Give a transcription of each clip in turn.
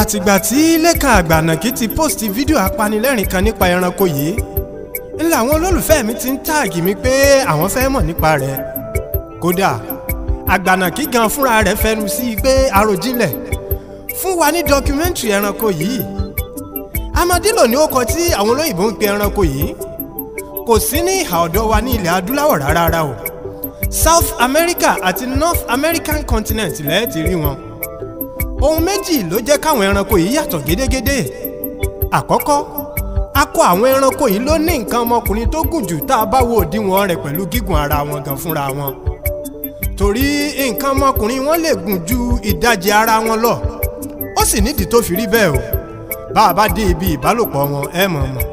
àtìgbà tí lẹ́ka àgbànàkí ti pósìtì fídíò apanilẹ́rìn kan nípa ẹranko yìí ńlá àwọn olólùfẹ́ mi ti ń táàgì mi pé àwọn fẹ́ mọ̀ nípa rẹ̀ kódà àgbànàkí gan fúnra rẹ̀ fẹnu sí i pé àròjinlẹ̀ fún wa ní dọkumẹ́ntì ẹranko yìí amadilo ni ó kọ tí àwọn olóyìnbó ń pe ẹranko yìí kò sí ní ìhà ọ̀dọ̀ wa ní ilẹ̀ adúláwọ̀ rárá o South America àti North American continent lẹ́ẹ̀ ti rí wọn ohun méjì ló jẹ́ káwọn ẹranko yìí yàtọ̀ gédégédé àkọ́kọ́ akọ àwọn ẹranko yìí ló ní nǹkan ọmọkùnrin tó gùn jù tá a bá wo òdiwọ̀n rẹ̀ pẹ̀lú gígùn ara wọn gan fúnra wọn torí nǹkan ọmọkùnrin wọn lè gùn ju ìdajì ara wọn lọ ó sì nídìí tó fi rí bẹ́ẹ̀ o bá a bá dé ibi ìbálòpọ̀ wọn ẹ mọ̀ mọ̀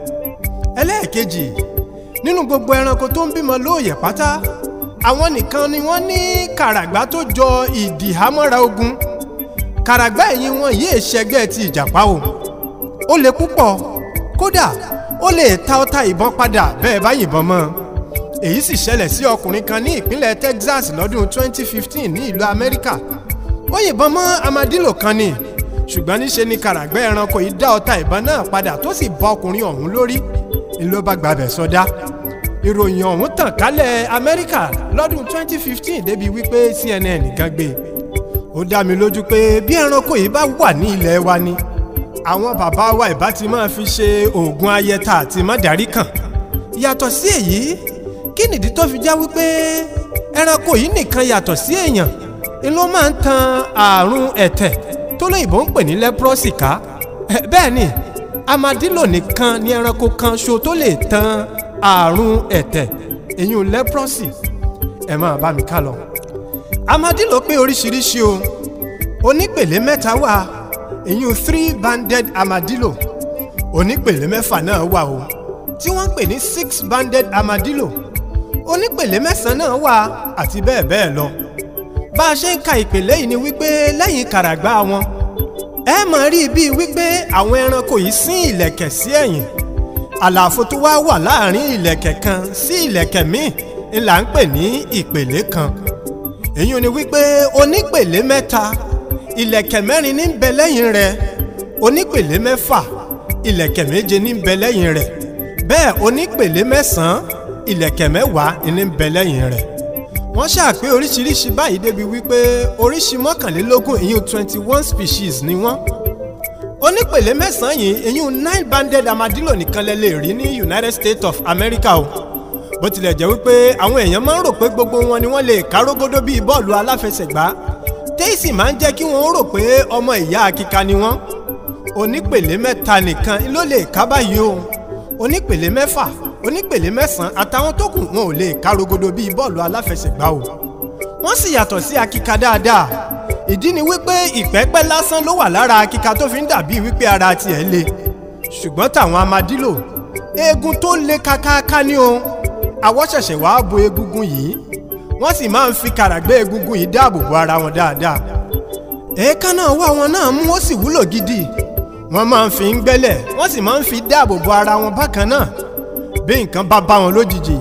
ẹlẹ́ẹ̀kejì nínú gbogbo ẹranko tó ń bímọ lóòyẹ̀ pátá àwọn nìkan ni wọ́n ní kàràgbá tó jọ ìdìhámọ́ra ogun kàràgbá ẹ̀yìn wọn yìí ṣẹgbẹ́ ti ìjàpá o ó le púpọ̀ kódà ó lè ta ọta ìbọn padà bẹ́ẹ̀ bá yìnbọn mọ́ èyí sì ṣẹlẹ̀ sí ọkùnrin kan ní ìpínlẹ̀ Texas lọ́dún 2015 ní ìlú Amẹ́ríkà ó yìnbọn mọ́ amadílò kan ni ṣùgbọ́n níṣe ni kàràgbá ẹranko yìí dá ọta ìbọn náà padà tó sì bá ọkùnrin ọ̀hún lórí ló bá gbàbẹ̀ sọdá ìròyìn ọ̀hún tàn kálẹ̀ Amẹ́ríkà lọ́dún 2015 débi wípé CNN kan ó dá mi lójú pé bí ẹranko yìí bá wà ní ilẹ̀ wa ni àwọn bàbá wa ìbá ti máa fi ṣe oògùn ayẹta àti mọ́dàrí kan yàtọ̀ sí èyí kí nìdí tó fi já wípé ẹranko yìí nìkan yàtọ̀ sí èèyàn ni ló máa ń tan ààrùn ẹ̀tẹ̀ tó lóyìnbó ń pè ní lẹ́pírọ́sì ká eh, bẹ́ẹ̀ ni amadílò nìkan ni ẹranko kan ṣo tó lè tan ààrùn ẹ̀tẹ̀ èyí ò lẹ́pírọ́sì ẹ̀ máa bá mi ká lọ amadi ló pé oríṣiríṣi o onípele mẹ́ta wà ìyún three banded amadillo onípele mẹ́fà náà wà o tí wọ́n ń pè ní six banded amadillo onípele mẹ́sàn-án náà wà àti bẹ́ẹ̀ bẹ́ẹ̀ lọ bá a ṣe ń ka ìpele yìí ni wípé lẹ́yìn kàràgbá wọn ẹ mọ̀ rí bíi wípé àwọn ẹranko yìí sín ìlẹ̀kẹ̀ sí ẹ̀yìn àlàfo tó wá wà láàrin ìlẹ̀kẹ̀ kan sí ìlẹ̀kẹ̀ míì ńlá ń pè ní ìpele kan èyí ò ní wípé onípèlé mẹ́ta ìlẹ̀kẹ̀ mẹ́rin ní bẹ lẹ́yìn rẹ̀ onípèlé mẹ́fà ìlẹ̀kẹ̀ méje ní bẹ lẹ́yìn rẹ̀ bẹ́ẹ̀ onípèlé mẹ́sàn-án ìlẹ̀kẹ̀ mẹ́wàá ní bẹ lẹ́yìn rẹ̀ wọ́n ṣàpé oríṣiríṣi báyìí débi wípé oríṣi mọ́kànlélógún ìyún twenty one species ni wọ́n onípèlé mẹ́sàn-án yìí ìyún nine banded armadillo nìkan lẹ lè rí ní United States of America o bó tilẹ̀ jẹ́ wípé àwọn èèyàn máa ń rò pé gbogbo wọn ni wọ́n lè kárógódó bíi bọ́ọ̀lù aláfẹsẹ̀gbá téèsì máa ń jẹ́ kí wọ́n rò pé ọmọ ìyá akíka ni wọ́n onípele mẹ́ta nìkan ló lè ká báyìí o onípele mẹ́fà onípele mẹ́sàn-án àtàwọn tó kù wọn ò lè kárógódó bíi bọ́ọ̀lù aláfẹsẹ̀gbá o wọ́n sì yàtọ̀ sí akíka dáadáa ìdí ni wípé ìpẹ́pẹ́ lásán ló wà lára akíka tó fi ń dàbí wípé ara tiẹ̀ le ṣùgbọ́n tàwọn amadílò eegun tó le kàkàkà ni o àwọ̀ ṣẹ̀ṣẹ̀ wàá bo egungun yìí wọ́n sì máa ń fi kàràgbé egungun yìí dáàbò bo ara wọn dáadáa èékánná ọwọ́ wọn náà mú ó sì wúlò gidi wọ́n máa ń fi ń gbẹ́lẹ̀ wọ́n sì máa ń fi dáàbò bo ara wọn bákan náà bí nǹkan bá bá wọn lójijì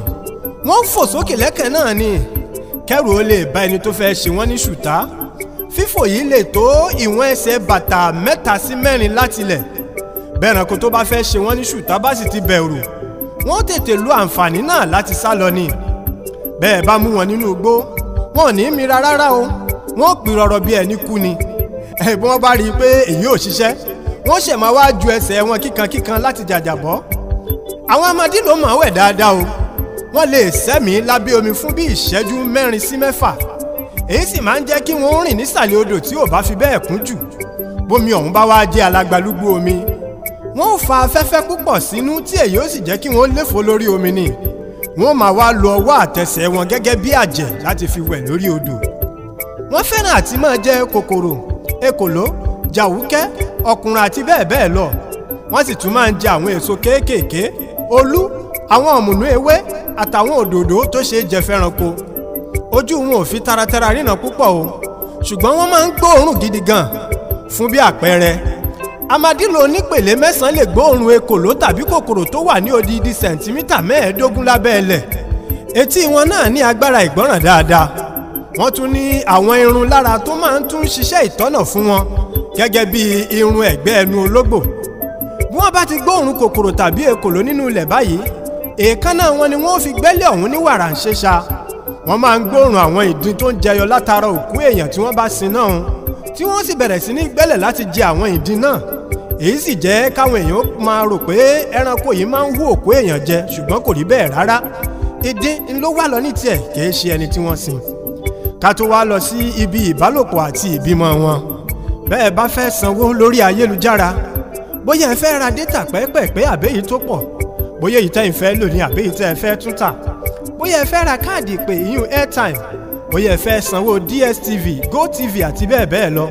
wọ́n ń fò sókè lẹ́kàn náà ni kẹ́rù ó lè bá ẹni tó fẹ́ ṣe wọ́n ní ṣùtá fífò yìí lè tó ìwọ̀n ẹsẹ̀ bàtà mẹ́ta sí mẹ́rin látilẹ̀ bẹ́ẹ̀ ránkó tó bá fẹ́ ṣe wọ́n ní ṣùtá bá sì ti bẹ̀rù wọ́n tètè lo àǹfààní náà láti sá lọ ni bẹ́ẹ̀ bá mú wọn nínú igbó wọn ò ní í mira rárá o wọn ò pè rọrọ bí ẹni kú ni ẹ bí wọ́n bá rí i pé èyí ò ṣiṣẹ́ wọ́n ṣẹ̀ máa wá ju ẹsẹ̀ wọn kíkankíkan láti jàjàbọ́ àwọn ọmọdé ló mọ̀ wẹ̀ dáadáa o wọ́n lè sẹ́mi lábẹ́ omi fún bí ìṣẹ́jú mẹ́rin sí mẹ́fà èyí sì máa ń jẹ́ kí wọ́n rìn nísàlẹ̀ odò tí ò bá fi bẹ́ẹ̀ kún jù bómi ọ̀hún bá wá jẹ́ alágbálúgbú omi wọ́n ò fa afẹ́fẹ́ púpọ̀ sínú tí èyí ó sì jẹ́ kí wọ́n léfò lórí omi ni wọ́n máa wá lo ọwọ́ àtẹsẹ̀ wọn gẹ́gẹ́ bí àjẹ̀ láti fi wẹ̀ lórí odò wọ́n fẹ́ràn àti máa jẹ kòkòrò ekòló jàwúkẹ́ ọkùnrin àti bẹ́ẹ̀ bẹ́ẹ̀ lọ wọ́n sì tún máa ń jẹ àwọn èso kéékèèké olú àwọn ọ̀mùnú ewé àtàwọn òdòdó tó ṣe jẹ fẹ́ranko ojú wọn ò fi taratara ríran púpọ̀ o ṣùgbọ́n wọ́n máa ń gbóòórùn gidi gan fún bí àpẹẹrẹ amadílo onípele mẹ́sàn-án lè gbóòórùn ekòló tàbí kòkòrò tó wà ní odidi sẹ̀ǹtímítà mẹ́ẹ̀ẹ́dógún lábẹ́ ilẹ̀ etí wọn náà ní agbára ìgbọ́ràn dáadáa wọ́n tún ní àwọn irun lára tó máa ń tún ṣiṣẹ́ ìtọ́nà fún wọn gẹ́gẹ́ bí irun ẹ̀gbẹ́ ẹnu ológbò bí wọ́n bá ti gbóòórùn kòkòrò tàbí ekòló nínú ilẹ̀ báyìí èékánná wọn ni wọ́n fi gbẹ́lẹ̀ ọ̀hún ní wàrà ń ṣeṣa wọ́n máa ń gbóòórùn àwọn ìdin tó ń jẹyọ látara òkú èèyàn tí wọ́n bá sin náà tí wọ́n sì bẹ̀rẹ̀ sí ní gbẹ́lẹ̀ láti jẹ àwọn ìdin náà èyí sì jẹ́ káwọn èèyàn máa rò pé ẹranko yìí máa ń hú òkú èèyàn jẹ ṣùgbọ́n kò rí bẹ́ẹ̀ rárá ìdin ló wà lọ ní tiẹ̀ kìí ṣe ẹni tí wọ́n sin ká tó wá lọ sí ibi ìbálòpọ̀ àti ìbímọ wọn bẹ́ẹ̀ bá fẹ́ sanwó lórí ayélujára bóyá ẹ fẹ́ ra dátà pẹ́ẹ́pẹ́ẹ́pẹ́ àbẹ́yìí tó pọ̀ bóyá èyí tẹ́ ẹ fẹ́ lò ní àbẹ́yìí tẹ́ ẹ fẹ́ tún tà bóyá ẹ fẹ́ ra káàdì ìpè ìyún airtime bóyá ẹ fẹ́ sanwó DSTV GoTv àti bẹ́ẹ̀ bẹ́ẹ̀ lọ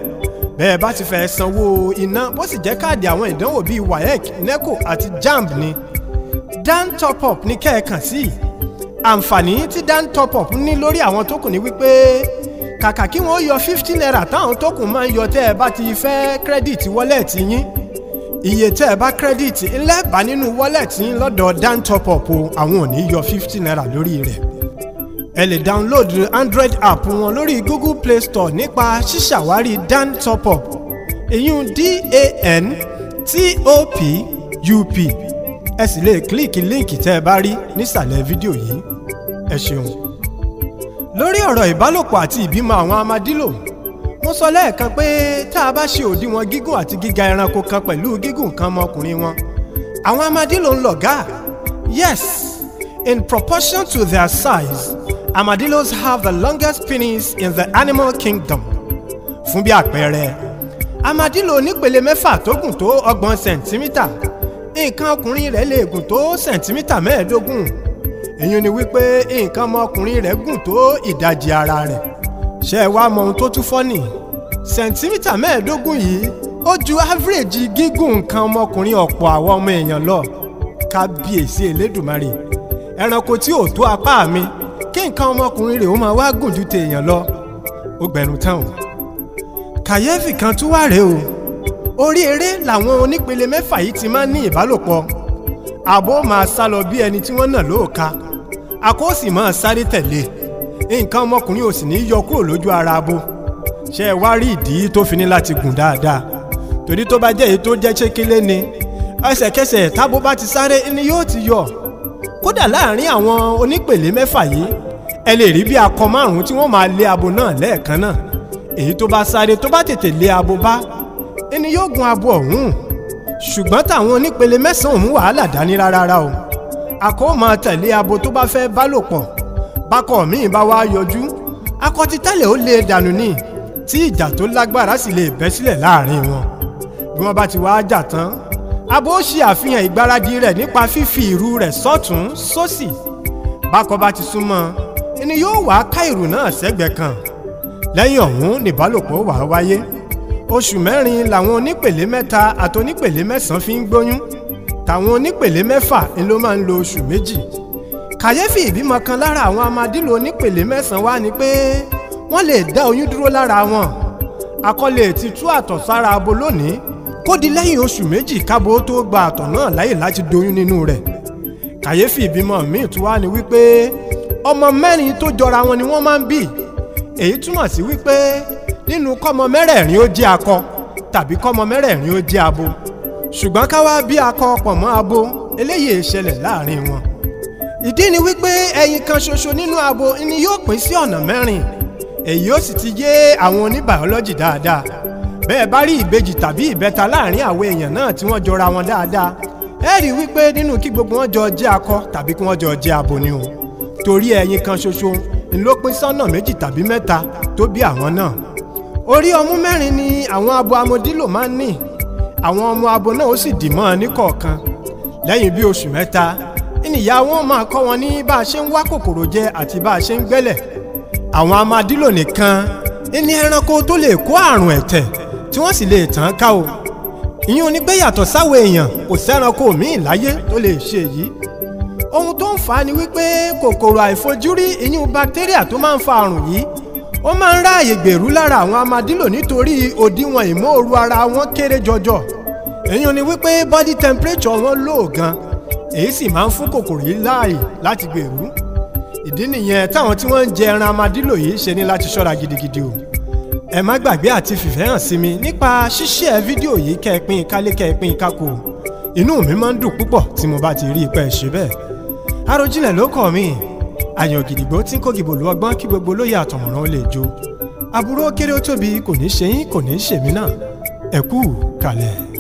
bẹ́ẹ̀ bá ti fẹ́ sanwó iná bó sì jẹ́ káàdì àwọn ìdánwò bíi waec neco àti jamb ni dan top up ní kẹ́ẹ̀kan sí i àǹfààní tí dan top up ní lórí àwọn tó kù ni wípé kàkà kí wọ́n yọ fifty naira táwọn tó kù máa ń yọ tẹ́ ẹ bá ti fẹ́ kírẹ́dìtì wọ́lẹ̀tì yín iye tẹ́ ẹ bá kírẹ́dìtì ńlẹ́ bá nínú wọ́lẹ̀tì yín lọ́dọ̀ dan top up o àwọn ò ní yọ fifty naira lórí rẹ̀ ẹ lè download android app wọn lórí google play store nípa ṣíṣàwárí dan top up ìyún dan top up ẹ sì lè kílíìkì líǹkì tẹ́ ẹ bá rí nísàlẹ̀ fídíò yìí ẹ ṣeun. lórí ọ̀rọ̀ ìbálòpọ̀ àti ìbímọ àwọn amadílò mo sọ lẹ́ẹ̀kan pé tá a bá ṣe òdiwọ̀n gígùn àti gíga ẹranko kan pẹ̀lú gígùn kan ọmọkùnrin wọn àwọn amadílò ń lọ̀gá yes in proportion to their size Armadillos have the longest penis in the animal kingdom. Fún bí àpẹẹrẹ, armadillo nípele mẹ́fà tó gùn tó ọgbọ̀n sẹ̀ǹtímítà. Nǹkan ọkùnrin rẹ̀ lè gùn tó sẹ̀ǹtímítà mẹ́ẹ̀ẹ́dógún. Èyí ni wípé nǹkan ọmọkùnrin rẹ̀ gùn tó ìdajì ara rẹ̀. Ṣé ẹ wá mọ ohun tó tún fọ́nì? Sẹ̀ǹtímítà mẹ́ẹ̀ẹ́dógún yìí ó ju áfíríèjì gígùn nǹkan ọmọkùnrin ọ̀pọ̀ àwọn ọmọ èèyàn lọ. Kábíyèsí Elédùmarè, ẹranko tí ò tó apá mi kí nǹkan ọmọkùnrin rẹ̀ ó máa wá gùn ju tèèyàn lọ ó gbẹ̀rún tán o kàyéfì kan tún wà rèé o orí eré làwọn onípele mẹ́fà yìí ti máa ń ní ìbálòpọ̀ àbó máa sá lọ bí ẹni tí wọ́n nà lóòka àkóòsì máa sáré tẹ̀lé nǹkan ọmọkùnrin ò sì ní yọ kúrò lójú ara abo ṣé ẹ wá rí ìdí tó fi ní láti gùn dáadáa torí tó bá jẹ́ èyí tó jẹ́ ṣékélé ni ẹsẹ̀kẹsẹ̀ tábó bá ti sáré ni yóò ti yọ kódà láàrin àwọn onípele mẹ́fà yìí ẹ lè rí bí akọ márùn-ún tí wọ́n máa lé abo náà lẹ́ẹ̀kan náà èyí tó bá sáré tó bá tètè lé abo bá ẹni yóò gun abo ọ̀hún ṣùgbọ́n táwọn onípele mẹ́sàn-án wàhálà dání rárá o akọ ó máa tẹ̀lé abo tó bá fẹ́ bá lò pọ̀ bákọ míì bá wá yọjú akọ ti tẹ́lẹ̀ ó lé e dànù ní tí ìjà tó lágbára sì lè bẹ́ sílẹ̀ láàrin wọn bí wọ́n bá ti wá jà tán abo ó ṣe àfihàn ìgbáradì rẹ̀ nípa fífi ìrù rẹ̀ sọ́tún sósì bákọ bá ti súnmọ́ ọ ẹni yóò wá ká ìrù náà sẹ́gbẹ̀ẹ́ kan lẹ́yìn ọ̀hún nìbálòpọ̀ wà wáyé oṣù mẹ́rin làwọn onípele mẹ́ta àti onípele mẹ́sàn-án fi ń gbóyún tàwọn onípele mẹ́fà ni ló máa ń lo oṣù méjì kàyéfì ìbímọ kan lára àwọn amadílò onípele mẹ́sàn-án wá ni pé wọ́n lè dá oyún dúró lára wọn akọ́lé ti tú àtọ̀ sára abo lónìí kó di lẹ́yìn oṣù méjì kábo tó gba àtọ̀ náà láyè láti doyún nínú rẹ̀ kàyéfì ìbímọ míì tún wá ni wípé ọmọ mẹ́rin tó jọra wọn ni wọ́n máa ń bí èyí túmọ̀ sí wípé nínú kọ́mọ mẹ́rẹ̀ẹ̀rin ó jẹ́ akọ tàbí kọ́mọ mẹ́rẹ̀ẹ̀rin ó jẹ́ abo ṣùgbọ́n ká wá bí akọ pọ̀ mọ́ abo eléyìí e ṣẹlẹ̀ láàrin wọn ìdí ni wípé ẹyin kan ṣoṣo nínú abo ni yóò pín sí ọ̀nà mẹ́rin èyí ó sì ti yé àwọn oníbàọ́lọ́jì dáadáa bẹ́ẹ̀ bá rí ìbejì tàbí ìbẹ́ta láàrin àwọn èèyàn náà tí wọ́n jọra wọn dáadáa ẹ wípé nínú kí gbogbo wọn jọ jẹ́ akọ tàbí kí wọ́n jọ jẹ́ abo ni o torí ẹyin kan ṣoṣo ń ló pín sọ́nà méjì tàbí mẹ́ta tó bí àwọn náà orí ọmú mẹ́rin ni àwọn abo amodílò máa ń ní àwọn ọmọ abo náà ó sì dì mọ́ ọ ní kọ̀ọ̀kan lẹ́yìn bí oṣù mẹ́ta ìnìyá wọn máa kọ́ wọn ní bá a ṣe ń wá kòkòrò jẹ àti bá a ṣe ń gbẹ́lẹ̀ àwọn amadílò nìkan ní ẹranko tó lè kó àrùn ẹ̀tẹ̀ tí wọ́n sì lè tàn ká o ìyún ni pé yàtọ̀ sáwọn èèyàn kò sẹ́ranko míì láyé tó lè ṣe èyí ohun tó fà á ni wípé kòkòrò àìfojúrí ìyún bacteria tó máa ń fa àrùn yìí ó máa ń ráàyè gbèrú lára àwọn amadílò nítorí òdiwọ̀n ìmóoru ara wọn kéré jọjọ èyí ni wípé body temperature wọn low gan èyí sì máa ń fún kòkòrò yìí láàyè láti gbèrú ìdí nìyẹn táwọn tí wọ́n ń jẹ ẹran amadílò yìí ṣe ní láti ṣọ́ra gidigidi o ẹ má gbàgbé àti fìfẹ́ hàn sí mi nípa ṣíṣe fídíò yìí kẹ́ẹ̀pín kálé kákò inú mi máa ń dùn púpọ̀ tí mo bá ti rí i pé ṣe bẹ́ẹ̀ Àròjinlẹ̀ ló kọ̀ mí àyàn gidigbo tí ń kó gìbò lu ọgbọ́n kí gbogbo olóyè àtọ̀mọ̀ràn ó lè jó àbúrò kéré ó tóbi kò ní ṣe yín kò ní ṣèmí náà ẹ kú kalẹ̀.